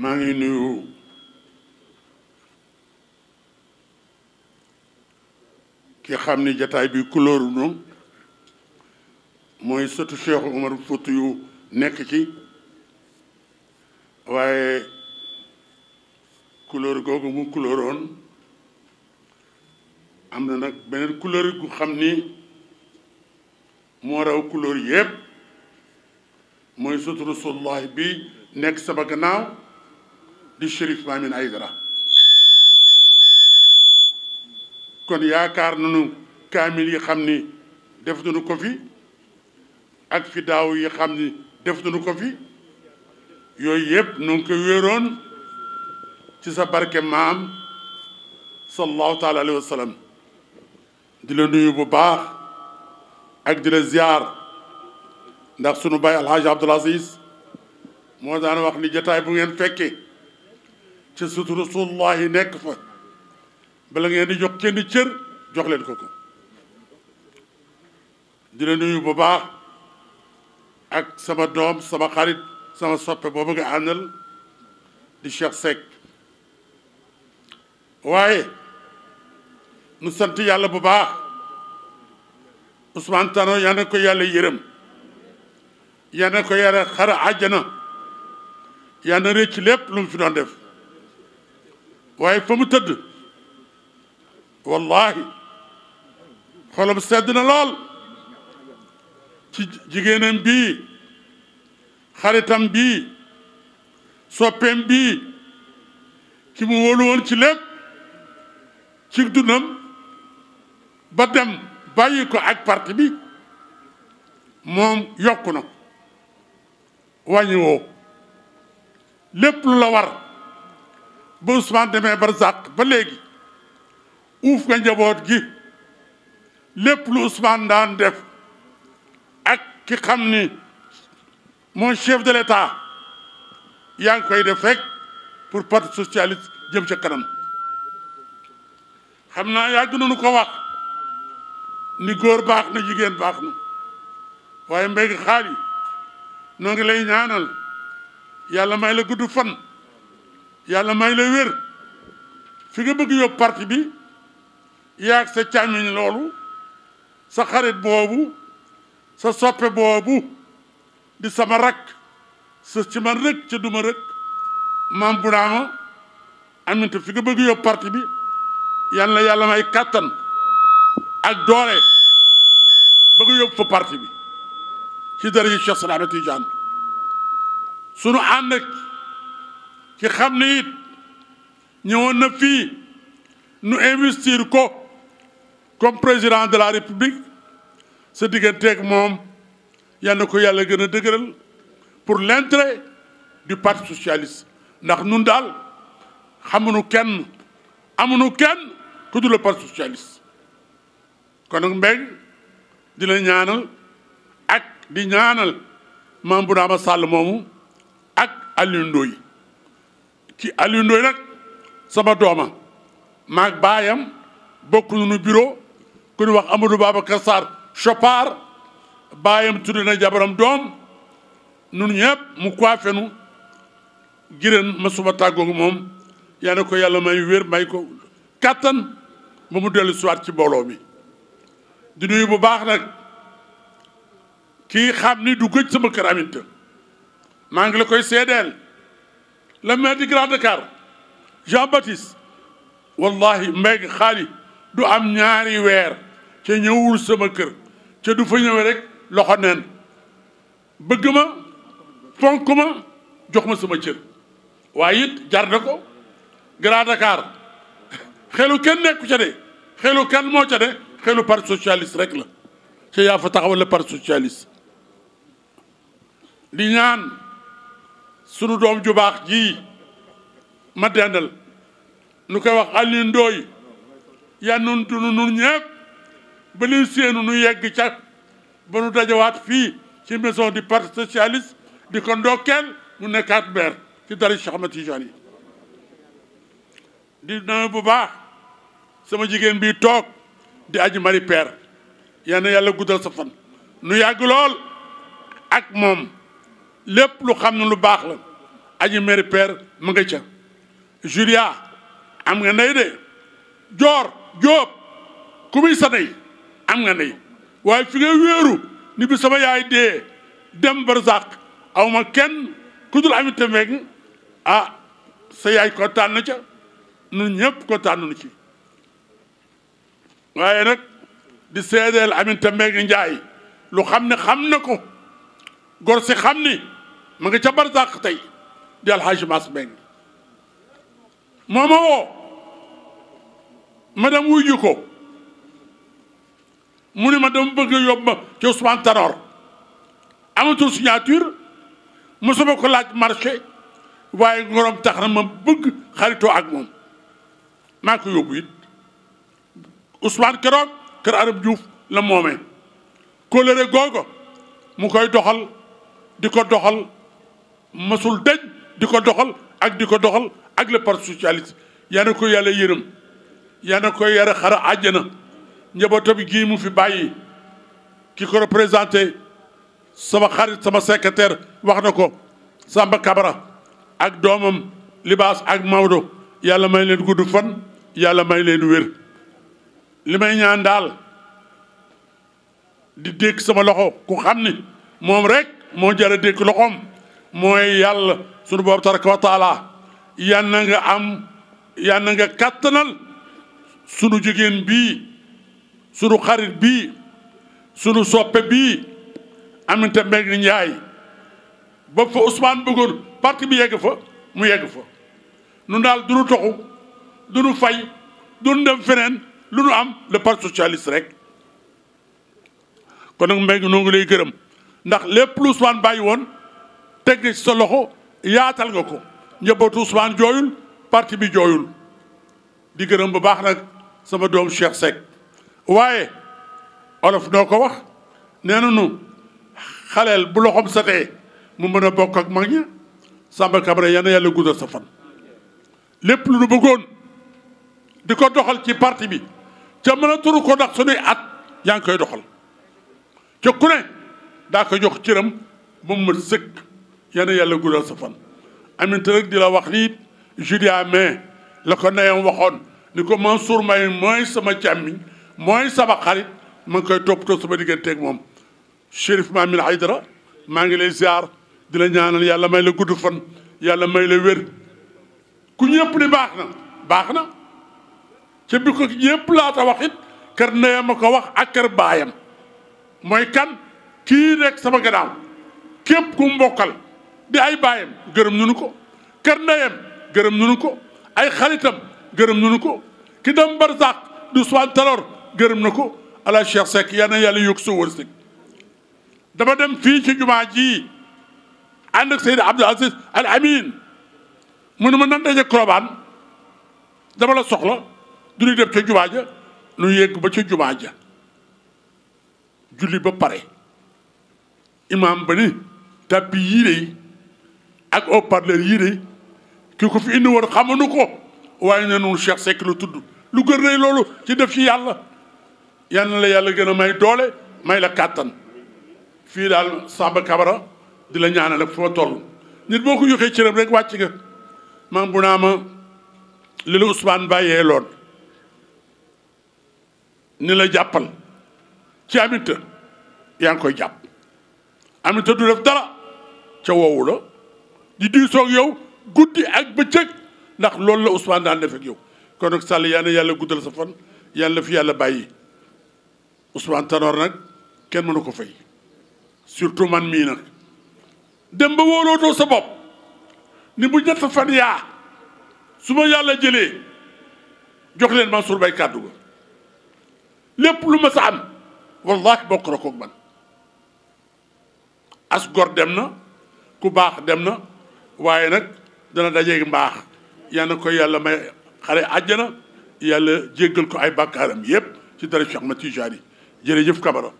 maa ngi nuyu ki xam ni jataay bi kulóoru nu mooy sëtu Cheikh Omar Fouti yu nekk ci waaye couleur googu mu couleuroon am na nag beneen couleur gu xam ni moo raw couleur yépp mooy sutu rasulullahi bi nekk sama gannaaw di Chérif ay Aïdara kon yaakaar nañu kaamil yi xam ni def nañu ko fi ak fi daaw yi xam ni def nañu ko fi yooyu yëpp nu ngi ko wéeroon ci sa barke maam sallallahu taala alayhi wa di la nuyu bu baax ak di la ziar ndax sunu baay alxaaji Abdul moo daan wax ni jataay bu ngeen fekke ci sutura rasulullahi nekk fa bala ngeen di jox kenn cër jox leen ko ko di la nuyu bu baax ak sama doom sama xarit sama soppe boobu nga àndal di Cheikh Seck waaye nu sant yàlla bu baax Ousmane Tanor yal na yàlla yërëm yal na ko yàlla xara àjjana yal na rëcc lépp lu mu fi doon def waaye fa mu tëdd wallahi xolam sedd na lool ci jigéenam bii xaritam bii soppeem bii ki mu wóolu ci lépp ci dundam ba dem bàyyi ko ak parti bi moom yokku na wàññi woo lépp lu la war ba Ousmane demee barzak ba léegi uuf nga njaboot gi lépp lu Ousmane daan def ak ki xam ni mon chef de l'État yaa ngi koy def rek pour parti socialiste jëm ca kanam xam naa yàgg nañu ko wax ni góor baax na jigéen baax na waaye mbéy xaal yi ngi ñaanal yàlla may la gudd fan yàlla may la wér fi nga bëgg yóbbu parti bi yaag sa càmmiñ loolu sa xarit boobu sa soppe boobu di sama rakk sa ci man rëkk ca duma rëkk maam budaama aminte fi nga bëgg yóbbu parti bi yàlla na yàlla may kàttan ak doole bëgg yóbbu fa parti bi ci dara yi Cheikh sunu ànd ak ki xam ne it ñëwoon na fii nu investir ko comme président de la république sa digganteeg moom yan na ko yàlla gën a dëgëral pour l'intérêt du parti socialiste ndax nun daal nu kenn amuñu kenn ku dul le parti socialiste kon nag Mbengue di la ñaanal ak di ñaanal Mame ma Sall moomu ak Aliou ki Aliou Ndoye nag sama dooma maag baayam bokk nañu bureau ku ñu wax Amadou Babacar Sarr Chopard baayam tudd na jabaram doom nun ñëpp mu coiffé nu gireen ma suma tàggoog moom yaa ko yàlla may wér may ko kattan ba mu dellu siwaat ci booloo mi di nuyu bu baax nag kii xam ni du gëj sama kër maa ngi la koy seedeel le di du Grand Dakar Jean Baptiste wallahi Mbengue xaali du am ñaari weer ca ñëwul sama kër ca du fa ñëwee rek loxo neen bëgg ma fonk ma jox ma sama cër waaye it jar na ko Grand Dakar xelu kenn nekku ca de xelu kenn moo ca de xelu parti socialiste rek la ca yaa fa taxawal le parti socialiste di ñaan sunu doom ju baax ji ma dendal nu koy wax Aliou Ndoye yan nun dunu nun ñëpp ba liñ séenu nu yegg ca ba nu dajawaat fii ci maison du parti socialiste di ko ndokkeel mu nekkaat maire ci dara Cheikh Ahmed yi di nawe bu baax sama jigéen bi toog di aji mari père yal na yàlla guddal sa fan nu yàgg lool ak moom lépp lu xam ne lu baax la aji mari père mu nga ca julia am nga nay de joor jóob ku muy sa nay am nga nay waaye fi nga wéeru ni bi sama yaay dee dem barzak aw ma kenn ku dul amit meeg ah sa yaay kontaan na ca nun ñëpp kontaan nañu ci waaye nag di seedeel Aminata Mbengue Ndiaye lu xam ne xam na ko gor si ni ma nga ca barsàq tey di alxaaji Mass Mbeng moo woo ma dem wuyu ko mu ne ma dama bëgg yóbbu ma ci Ousmane Tanor amatul signature mosuma ko laaj marché waaye ngorom tax na ma bëgg xaritoo ak moom maa ko yóbbu it Ousmane keroog kër Arab Diouf la moomee kóllëre googa mu koy doxal di ko doxal mësul dëj di ko doxal ak di ko doxal ak le parti socialiste yaa na ko yàlla yërëm yaa na ko yàlla xara àjjana njabootam gii mu fi bàyyi ki ko représenté sama xarit sama secrétaire wax na ko Samba Kabara ak doomam Libaas ak Maodo yàlla may leen gudd fan yàlla may leen wér li may ñaan daal di dékk sama loxo ku xam ni moom rek moo jara dékk loxoom mooy yàlla sunu boobu tabaraka wa taala yal nga am yal nga kàttanal sunu jigéen bii sunu xarit bii sunu soppe bii Aminata Mbengue Ndiaye ba fa Ousmane bëggoon parti bi yegg fa mu yegg fa nu daal du nu toxu du nu fay du nu dem feneen lu nu am le parti socialiste rek kon nag Mbengue noo ngi lay gërëm ndax lépp lu Ousmane bàyyi woon teg nga sa loxo yaatal nga ko njëbbatu Ousmane jooyul parti bi jooyul di gërëm bu baax nag sama doom Cheikh Seck waaye olof noo ko wax nee nu xaleel bu loxoom satee mu mën a bokk ak mag ña Samba Camara yal na yàlla guddal sa fan lépp lu nu bëggoon di ko doxal ci parti bi ca mën a turu ko ndax suñuy at yaa ngi koy doxal ca ku ne daa ko jox cëram moom ma sëkk yal yàlla guddal sa fan. Aminata nag dila la wax nii juillet mai la ko ndeyam waxoon ni ko Mansour Mbaye mooy sama càmmiñ mooy sama xarit ma ngi koy toppatoo sama digganteeg moom. Chérif Mamine Aydara maa ngi lay ziar di la ñaanal yàlla may la gudd fan yàlla may la wér ku ñëpp ni baax na baax na ca bi ko ñëpp laata wax it kër ndeyam ko wax ak kër baayam mooy kan kii nekk sama gannaaw képp ku mbokkal bi ay baayam gërëm nunu ko kër ndeyam gërëm nunu ko ay xaritam gërëm nunu ko ki dem barzak du soin talor gërëm na ko ala Cheikh Seck yal na yàlla yokk sa wërsëg dama dem fii ci jumaa ji ànd ak Seydou Aziz Al Amin mu ne ma nan daje dama la soxla du ñu def ca jumaa ja nu yegg ba ci jumaa ja julli ba pare imaam ba ni tàppi yii ak haut-parleur yii de ki ko fi indi woon xamuñu ko waaye ne nun Cheikh Seck la tudd lu gën rëy loolu ci def ci yàlla ya na la yàlla gën a may doole may la kàttan fii daal Samba Kabara di la ñaanal ak fu ma toll nit boo ko yoxee cëram rek wàcc nga man bu naa ma li la Ousmane bàyyee loon ni la jàppal ci amita yaa ngi koy jàpp amita du def dara ca woowu la di diisoog yow guddi ak bëccëg ndax loolu la Ousmane daan def ak yow kon nag Sall yaa ne yàlla guddal sa fan yàlla fi yàlla bàyyi Ousmane Tanor nag kenn mënu ko fay surtout man mii nag dem ba wóolootoo sa bopp ni bu sa fan yaa su ma yàlla jëlee jox leen Mansour Mbaye kàddu ga lépp lu ma sa am wallahi bokk na koog man as gor dem na ku baax dem na waaye nag dana dajeeg mbaax yal na koy yàlla may xare àjjana yàlla jéggal ko ay bàkkaaram yépp ci dara Cheikh Ahmed Tidiane jërëjëf Kabara